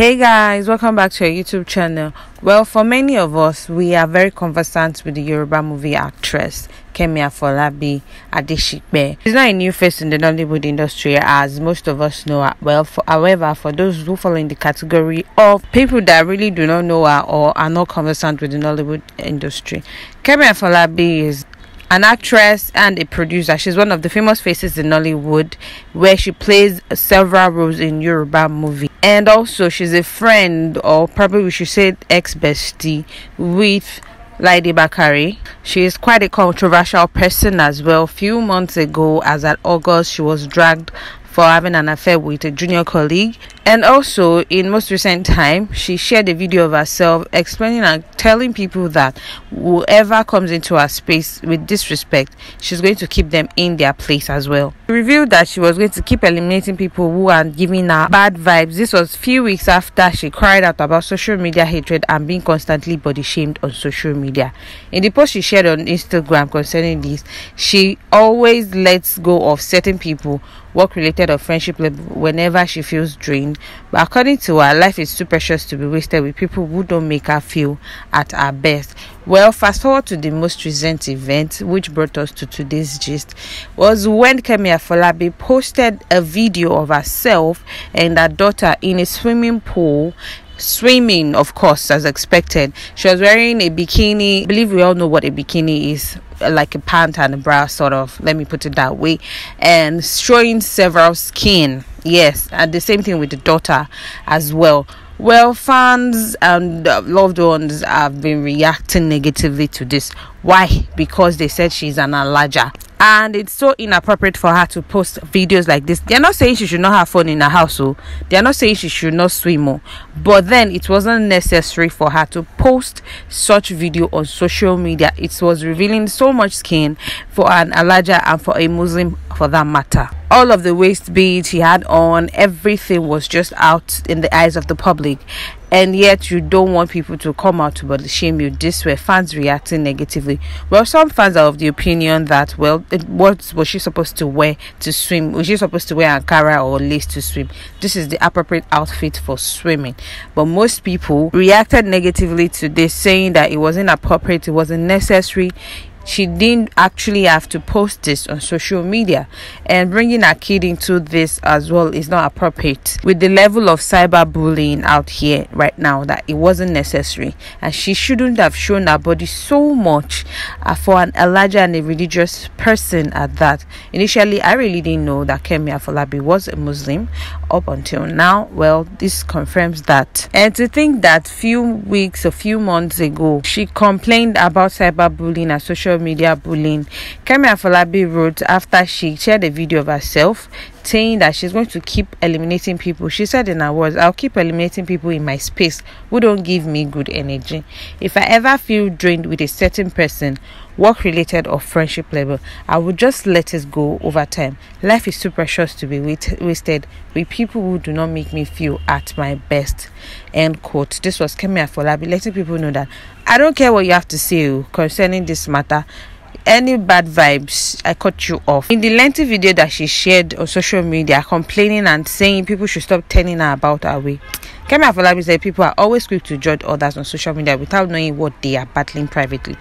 Hey guys, welcome back to our YouTube channel. Well, for many of us, we are very conversant with the Yoruba movie actress Kemi Afolabi Adeshikbe. She's not a new face in the Nollywood industry, as most of us know her well. For, however, for those who fall in the category of people that really do not know her or are not conversant with the Nollywood industry, Kemi Afolabi is an actress and a producer. She's one of the famous faces in Nollywood, where she plays several roles in Yoruba movie. And also, she's a friend, or probably we should say ex bestie, with Lady Bakari. She is quite a controversial person as well. Few months ago, as at August, she was dragged for having an affair with a junior colleague. And also, in most recent time, she shared a video of herself explaining and telling people that whoever comes into her space with disrespect, she's going to keep them in their place as well revealed that she was going to keep eliminating people who are giving her bad vibes. This was few weeks after she cried out about social media hatred and being constantly body shamed on social media. In the post she shared on Instagram concerning this, she always lets go of certain people, work related or friendship level, whenever she feels drained. But according to her, life is too precious to be wasted with people who don't make her feel at her best. Well, fast forward to the most recent event, which brought us to today's gist, was when Kemi Afolabi posted a video of herself and her daughter in a swimming pool swimming, of course, as expected. She was wearing a bikini. I believe we all know what a bikini is like a pant and a bra, sort of. Let me put it that way. And showing several skin. Yes, and the same thing with the daughter as well. Well, fans and uh, loved ones have been reacting negatively to this. Why? Because they said she's an alaja. And it's so inappropriate for her to post videos like this. They're not saying she should not have fun in her household. Oh. They're not saying she should not swim more. Oh. But then it wasn't necessary for her to post such video on social media. It was revealing so much skin for an alaja and for a Muslim for that matter all of the waist beads she had on, everything was just out in the eyes of the public. And yet, you don't want people to come out to body shame you this way. Fans reacting negatively. Well, some fans are of the opinion that, well, it, what was she supposed to wear to swim? Was she supposed to wear Ankara or lace to swim? This is the appropriate outfit for swimming. But most people reacted negatively to this, saying that it wasn't appropriate, it wasn't necessary, she didn't actually have to post this on social media and bringing her kid into this as well is not appropriate with the level of cyberbullying out here right now that it wasn't necessary and she shouldn't have shown her body so much uh, for an elijah and a religious person at that initially i really didn't know that kemi afolabi was a muslim up until now well this confirms that and to think that few weeks a few months ago she complained about cyberbullying and social social media bullying. Kemi Afolabi wrote after she shared a video of herself saying that she's going to keep eliminating people. She said in her words, I'll keep eliminating people in my space who don't give me good energy. If I ever feel drained with a certain person, work related or friendship level, I will just let it go over time. Life is too precious to be wait- wasted with people who do not make me feel at my best. End quote. This was Kemi Afolabi letting people know that I don't care what you have to say oh, concerning this matter any bad vibes i cut you off in the lengthy video that she shared on social media complaining and saying people should stop telling her about her way kemi afolabi said people are always quick to judge others on social media without knowing what they are battling privately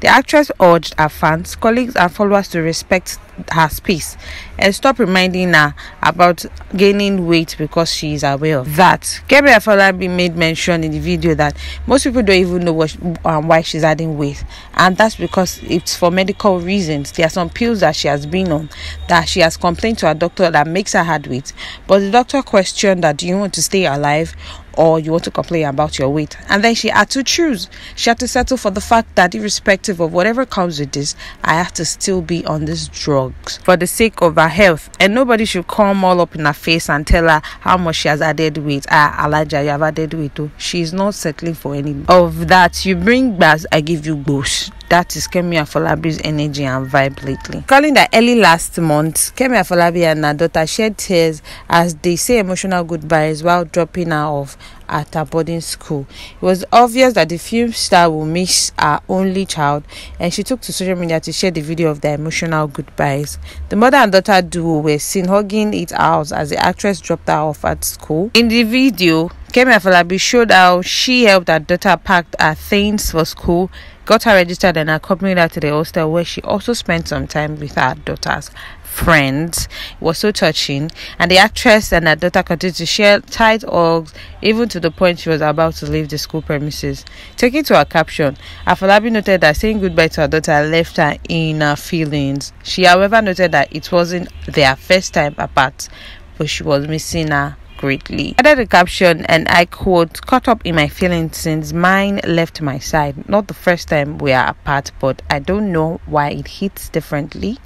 the actress urged her fans, colleagues, and followers to respect her space and stop reminding her about gaining weight because she is aware of that. Gabriel Falabi made mention in the video that most people don't even know what, um, why she's adding weight, and that's because it's for medical reasons. There are some pills that she has been on that she has complained to her doctor that makes her add weight, but the doctor questioned that do you want to stay alive or you want to complain about your weight. And then she had to choose. She had to settle for the fact that, irrespective of whatever comes with this, I have to still be on these drugs for the sake of her health. And nobody should come all up in her face and tell her how much she has added weight. Ah, Alaja, you have added weight. Too. She is not settling for any of that. You bring bars, I give you both. That is Kemi Afolabi's energy and vibe lately. Calling that early last month, Kemi Afolabi and her daughter shed tears as they say emotional goodbyes while dropping her off at a boarding school. It was obvious that the film star will miss her only child, and she took to social media to share the video of their emotional goodbyes. The mother and daughter duo were seen hugging it out as the actress dropped her off at school. In the video, Kemi Afolabi showed how she helped her daughter pack her things for school, got her registered, and accompanied her to the hostel where she also spent some time with her daughters friends. It was so touching. And the actress and her daughter continued to share tight hugs, even to the point she was about to leave the school premises. Taking to her caption, Afalabi noted that saying goodbye to her daughter left her in her feelings. She, however, noted that it wasn't their first time apart, but she was missing her greatly. Added a caption and I quote, caught up in my feelings since mine left my side. Not the first time we are apart, but I don't know why it hits differently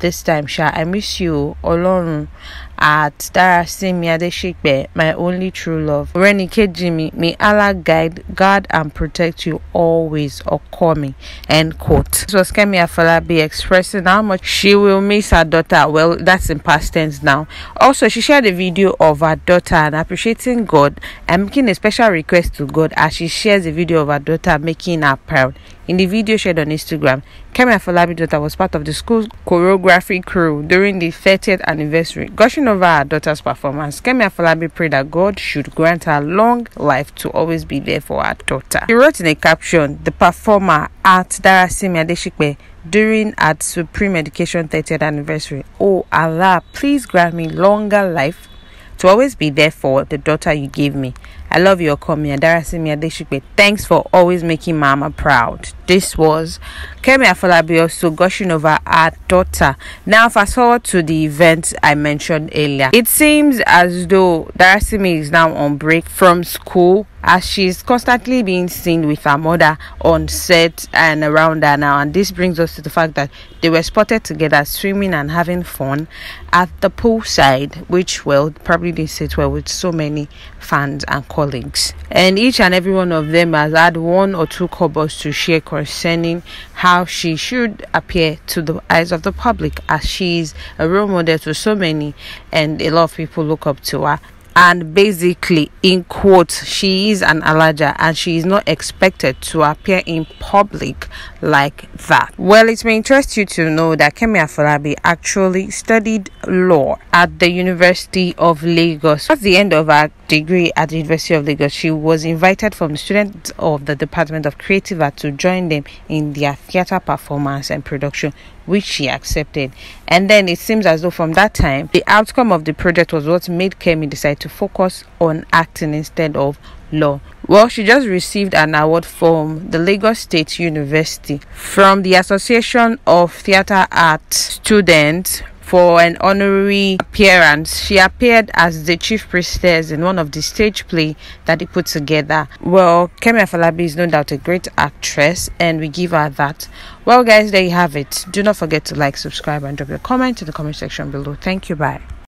this time, Sha. I miss you, Olorun, at Darasimi Adeshikbe, my only true love. Reni Jimmy, may Allah guide, guard, and protect you always, or call me. End quote. This was Kemi Afalabi expressing how much she will miss her daughter. Well, that's in past tense now. Also, she shared a video of her daughter and appreciating God and making a special request to God as she shares a video of her daughter making her proud. In the video shared on Instagram, Kemi Afolabi daughter was part of the school's choreography crew during the 30th anniversary. Gushing over her daughter's performance, Kemi Afolabi prayed that God should grant her long life to always be there for her daughter. She wrote in a caption, the performer at Darasimi Adeshikpe during at Supreme Education 30th anniversary. Oh Allah, please grant me longer life to always be there for the daughter you gave me. I love your comment, should Adeshikbe. Thanks for always making Mama proud. This was Kemi Afolabi also gushing over our daughter. Now, fast forward to the event I mentioned earlier. It seems as though Darasimi is now on break from school as she's constantly being seen with her mother on set and around her now. And this brings us to the fact that they were spotted together swimming and having fun at the poolside, which, well, probably didn't sit well with so many fans and colleagues, and each and every one of them has had one or two cobbles to share concerning how she should appear to the eyes of the public, as she is a role model to so many, and a lot of people look up to her and basically in quotes she is an alaja and she is not expected to appear in public like that well it may interest you to know that kemi afolabi actually studied law at the university of lagos at the end of her degree at the university of lagos she was invited from students of the department of creative art to join them in their theater performance and production which she accepted. And then it seems as though from that time, the outcome of the project was what made Kemi decide to focus on acting instead of law. Well, she just received an award from the Lagos State University from the Association of Theatre Art Students for an honorary appearance. She appeared as the chief priestess in one of the stage play that he put together. Well, Kemi Afalabi is no doubt a great actress, and we give her that. Well, guys, there you have it. Do not forget to like, subscribe, and drop your comment in the comment section below. Thank you. Bye.